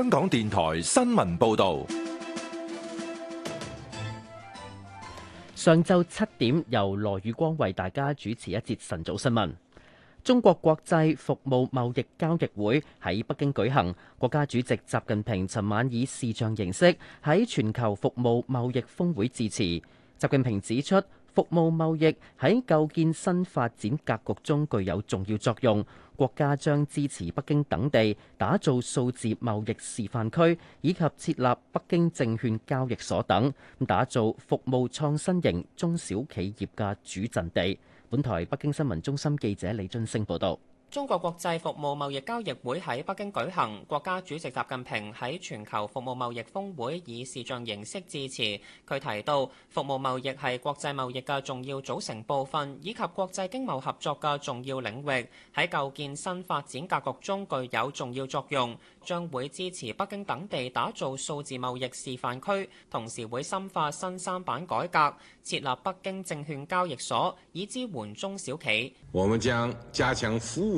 香港電台新聞報道，上晝七點由羅宇光為大家主持一節晨早新聞。中國國際服務貿易交易會喺北京舉行，國家主席習近平尋晚以視像形式喺全球服務貿易峰會致辭。習近平指出，服務貿易喺構建新發展格局中具有重要作用，國家將支持北京等地打造數字貿易示範區，以及設立北京證券交易所等，打造服務創新型中小企業嘅主陣地。本台北京新聞中心記者李津升報道。中國國際服務貿易交易會喺北京舉行，國家主席習近平喺全球服務貿易峰會以視像形式致辭。佢提到，服務貿易係國際貿易嘅重要組成部分，以及國際經貿合作嘅重要領域，喺構建新發展格局中具有重要作用，將會支持北京等地打造數字貿易示範區，同時會深化新三板改革，設立北京證券交易所，以支援中小企。我們將加強服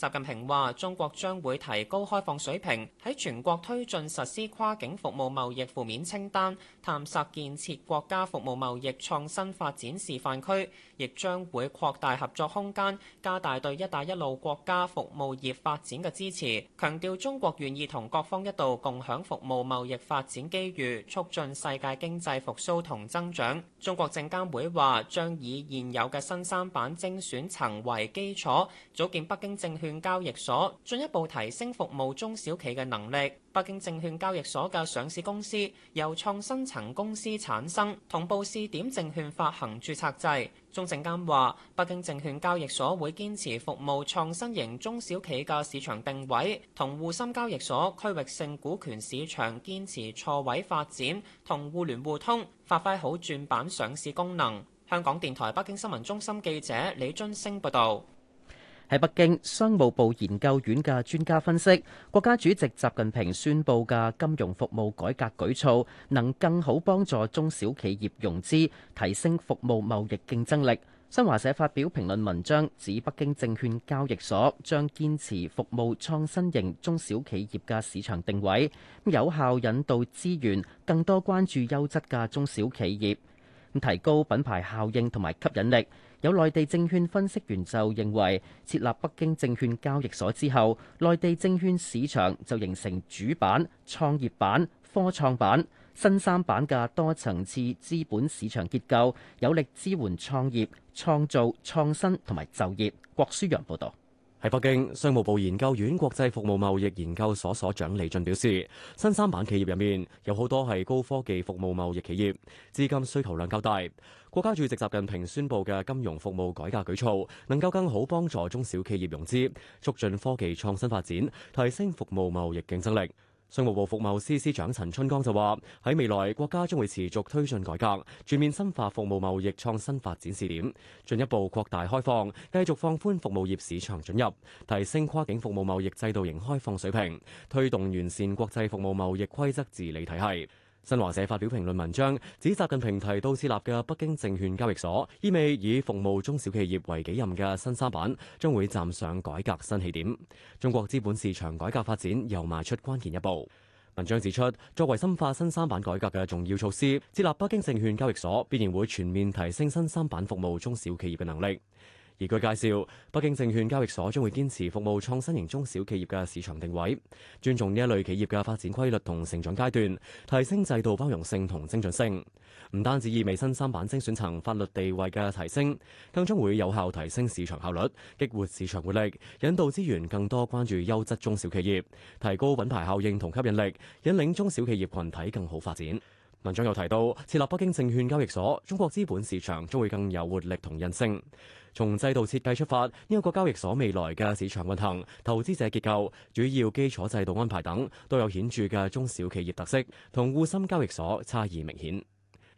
習近平話中國將會提高開放水平，喺全國推進實施跨境服務貿易負面清單，探索建設國家服務貿易創新發展示範區，亦將會擴大合作空間，加大對「一帶一路」國家服務業發展嘅支持。強調中國願意同各方一道共享服務貿易發展機遇，促進世界經濟復甦同增長。中國證監會話將以現有嘅新三板精選層為基礎，組建北京證券。券交易所進一步提升服務中小企嘅能力。北京證券交易所嘅上市公司由創新層公司產生，同步試點證券發行注冊制。中證監話，北京證券交易所會堅持服務創新型中小企嘅市場定位，同滬深交易所區域性股權市場堅持錯位發展同互聯互通，發揮好轉板上市功能。香港電台北京新聞中心記者李津星報道。喺北京，商務部研究院嘅專家分析，國家主席習近平宣布嘅金融服務改革舉措，能更好幫助中小企業融資，提升服務貿易競爭力。新華社發表評論文章，指北京證券交易所將堅持服務創新型中小企業嘅市場定位，有效引導資源，更多關注優質嘅中小企業。咁提高品牌效應同埋吸引力。有內地證券分析員就認為，設立北京證券交易所之後，內地證券市場就形成主板、創業板、科創板、新三板嘅多層次資本市場結構，有力支援創業、創造、創新同埋就業。郭舒揚報導。喺北京，商務部研究院國際服務貿易研究所所長李俊表示，新三板企業入面有好多係高科技服務貿易企業，資金需求量較大。國家主席習近平宣布嘅金融服務改革舉措，能夠更好幫助中小企業融資，促進科技創新發展，提升服務貿易競爭力。商務部服務司司長陳春江就話：喺未來，國家將會持續推進改革，全面深化服務貿易創新發展試點，進一步擴大開放，繼續放寬服務業市場准入，提升跨境服務貿易制度型開放水平，推動完善國際服務貿易規則治理體系。新華社發表評論文章，指習近平提到設立嘅北京證券交易所，意味以服務中小企業為己任嘅新三板將會站上改革新起點。中國資本市場改革發展又邁出關鍵一步。文章指出，作為深化新三板改革嘅重要措施，設立北京證券交易所必然會全面提升新三板服務中小企業嘅能力。而據介紹，北京證券交易所將會堅持服務創新型中小企業嘅市場定位，尊重呢一類企業嘅發展規律同成長階段，提升制度包容性同精準性。唔單止意味新三板精選層法律地位嘅提升，更將會有效提升市場效率，激活市場活力，引導資源更多關注優質中小企業，提高品牌效應同吸引力，引領中小企業群體更好發展。文章又提到，設立北京證券交易所，中國資本市場將會更有活力同韌性。從制度設計出發，呢一個交易所未來嘅市場運行、投資者結構、主要基礎制度安排等，都有顯著嘅中小企業特色，同滬深交易所差異明顯。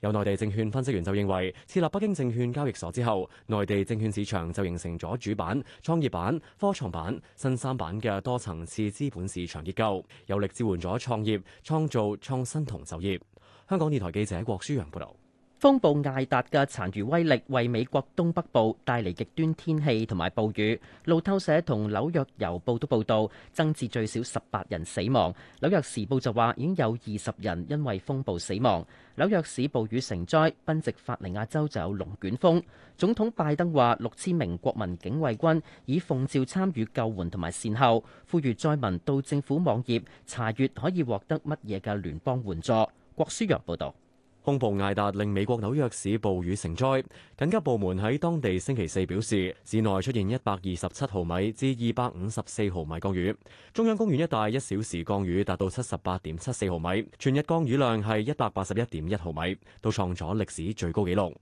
有內地證券分析員就認為，設立北京證券交易所之後，內地證券市場就形成咗主板、創業板、科創板、新三板嘅多層次資本市場結構，有力支援咗創業、創造、創新同就業。香港電台記者郭舒揚報導。風暴艾達嘅殘餘威力為美國東北部帶嚟極端天氣同埋暴雨。路透社同紐約郵報都報導增至最少十八人死亡。紐約時報就話已經有二十人因為風暴死亡。紐約市暴雨成災，賓夕法尼亞州就有龍捲風。總統拜登話六千名國民警衛軍已奉召參與救援同埋善後，呼籲災民到政府網頁查閱可以獲得乜嘢嘅聯邦援助。郭書揚報導。風暴艾達令美國紐約市暴雨成災，緊急部門喺當地星期四表示，市內出現一百二十七毫米至二百五十四毫米降雨，中央公園一帶一小時降雨達到七十八點七四毫米，全日降雨量係一百八十一點一毫米，都創咗歷史最高紀錄。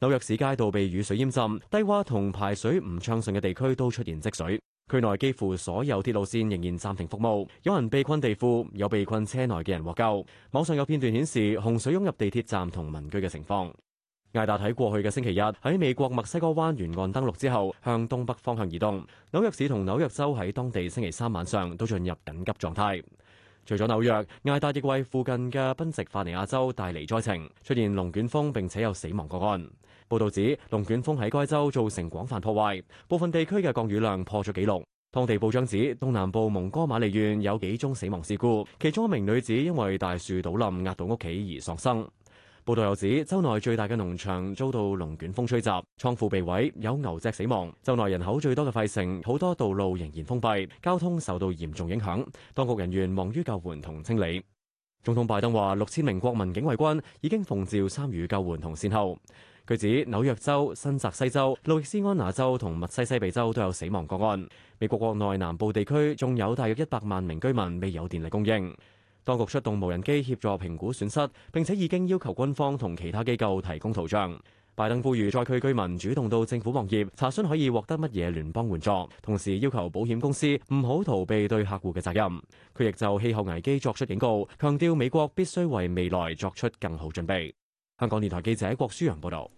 紐約市街道被雨水淹浸，低洼同排水唔暢順嘅地區都出現積水。區內幾乎所有鐵路線仍然暫停服務，有人被困地庫，有被困車內嘅人獲救。網上有片段顯示洪水湧入地鐵站同民居嘅情況。艾達喺過去嘅星期日喺美國墨西哥灣沿岸登陸之後，向東北方向移動。紐約市同紐約州喺當地星期三晚上都進入緊急狀態。除咗紐約，艾達亦為附近嘅賓夕法尼亞州帶嚟災情，出現龍捲風並且有死亡個案。報道指龍捲風喺該州造成廣泛破壞，部分地區嘅降雨量破咗紀錄。當地報章指東南部蒙哥馬利縣有幾宗死亡事故，其中一名女子因為大樹倒冧壓到屋企而喪生。報道又指州內最大嘅農場遭到龍捲風吹襲，倉庫被毀，有牛隻死亡。州內人口最多嘅費城好多道路仍然封閉，交通受到嚴重影響。當局人員忙於救援同清理。總統拜登話，六千名國民警衛軍已經奉召參與救援同善後。佢指紐約州、新澤西州、路易斯安那州同密西西比州都有死亡個案。美國國內南部地區仲有大約一百萬名居民未有電力供應。當局出動無人機協助評估損失，並且已經要求軍方同其他機構提供圖像。拜登呼籲災區居民主動到政府網頁查詢可以獲得乜嘢聯邦援助，同時要求保險公司唔好逃避對客戶嘅責任。佢亦就氣候危機作出警告，強調美國必須為未來作出更好準備。香港電台記者郭舒揚報導。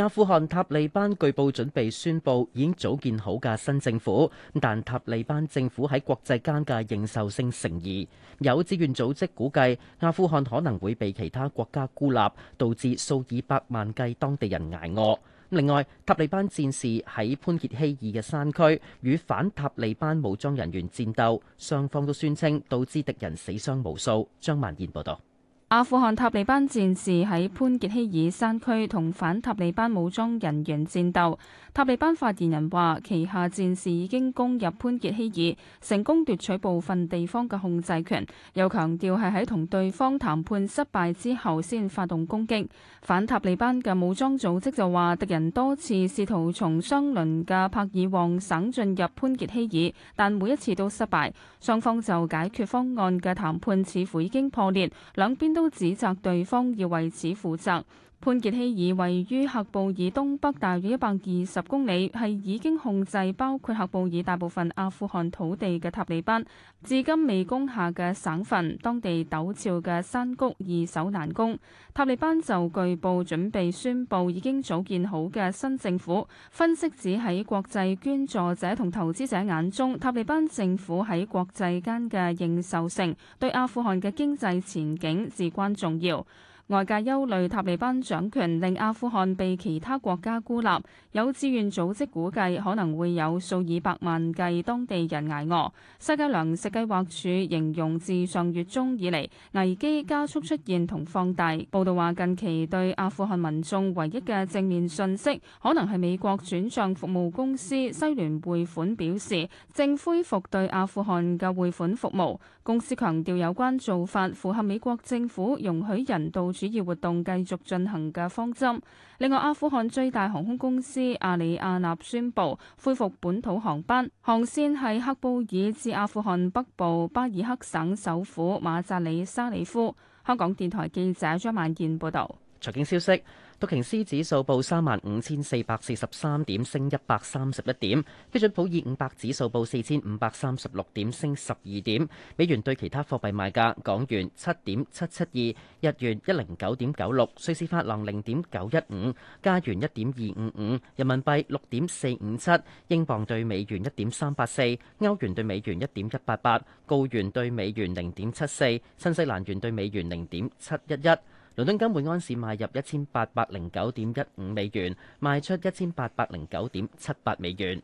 阿富汗塔利班據報準備宣佈已經組建好嘅新政府，但塔利班政府喺國際間嘅認受性成疑。有志願組織估計，阿富汗可能會被其他國家孤立，導致數以百萬計當地人捱餓。另外，塔利班戰士喺潘傑希爾嘅山區與反塔利班武裝人員戰鬥，雙方都宣稱導致敵人死傷無數。張曼燕報導。阿富汗塔利班戰士喺潘傑希爾山區同反塔利班武裝人員戰鬥。塔利班發言人話，旗下戰士已經攻入潘傑希爾，成功奪取部分地方嘅控制權。又強調係喺同對方談判失敗之後先發動攻擊。反塔利班嘅武裝組織就話，敵人多次試圖從相鄰嘅帕爾旺省進入潘傑希爾，但每一次都失敗。雙方就解決方案嘅談判似乎已經破裂，兩邊都指責對方要為此負責。潘傑希爾位於喀布爾東北大約一百二十公里，係已經控制包括喀布爾大部分阿富汗土地嘅塔利班，至今未攻下嘅省份，當地陡峭嘅山谷易守難攻。塔利班就據報準備宣佈已經組建好嘅新政府。分析指，喺國際捐助者同投資者眼中，塔利班政府喺國際間嘅認受性，對阿富汗嘅經濟前景至關重要。外界憂慮塔利班掌權令阿富汗被其他國家孤立，有志願組織估計可能會有數以百萬計當地人捱餓，呃、世界糧食計劃署形容自上月中以嚟，危機加速出現同放大。報道話，近期對阿富汗民眾唯一嘅正面信息，可能係美國轉賬服務公司西聯匯款表示正恢復對阿富汗嘅匯款服務。公司強調有關做法符合美國政府容許人道。主要活動繼續進行嘅方針。另外，阿富汗最大航空公司阿里亞納宣布恢復本土航班，航線係喀布爾至阿富汗北部巴爾克省首府馬扎里沙里夫。香港電台記者張萬健報道。財經消息。道瓊斯指數報三萬五千四百四十三點，升一百三十一點。標準普爾五百指數報四千五百三十六點，升十二點。美元對其他貨幣賣價：港元七點七七二，日元一零九點九六，瑞士法郎零點九一五，加元一點二五五，人民幣六點四五七，英鎊對美元一點三八四，歐元對美元一點一八八，澳元對美元零點七四，新西蘭元對美元零點七一一。倫敦金每安士買入一千八百零九點一五美元，賣出一千八百零九點七八美元。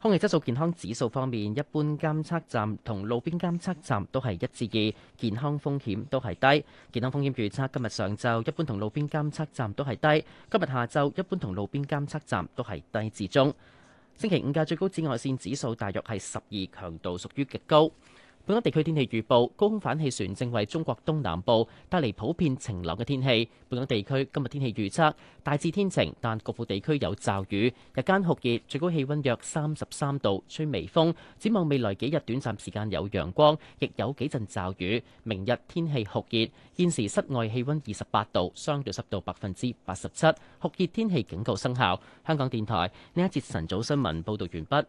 空氣質素健康指數方面，一般監測站同路邊監測站都係一至二，健康風險都係低。健康風險預測今日上晝一般同路邊監測站都係低，今日下晝一般同路邊監測站都係低至中。星期五嘅最高紫外綫指數大約係十二，強度屬於極高。本港地區天氣預報，高空反氣旋正為中國東南部帶嚟普遍晴朗嘅天氣。本港地區今日天氣預測大致天晴，但局部地區有驟雨。日間酷熱，最高氣温約三十三度，吹微風。展望未來幾日，短暫時間有陽光，亦有幾陣驟雨。明日天氣酷熱，現時室外氣温二十八度，相對濕度百分之八十七，酷熱天氣警告生效。香港電台呢一節晨早新聞報道完畢。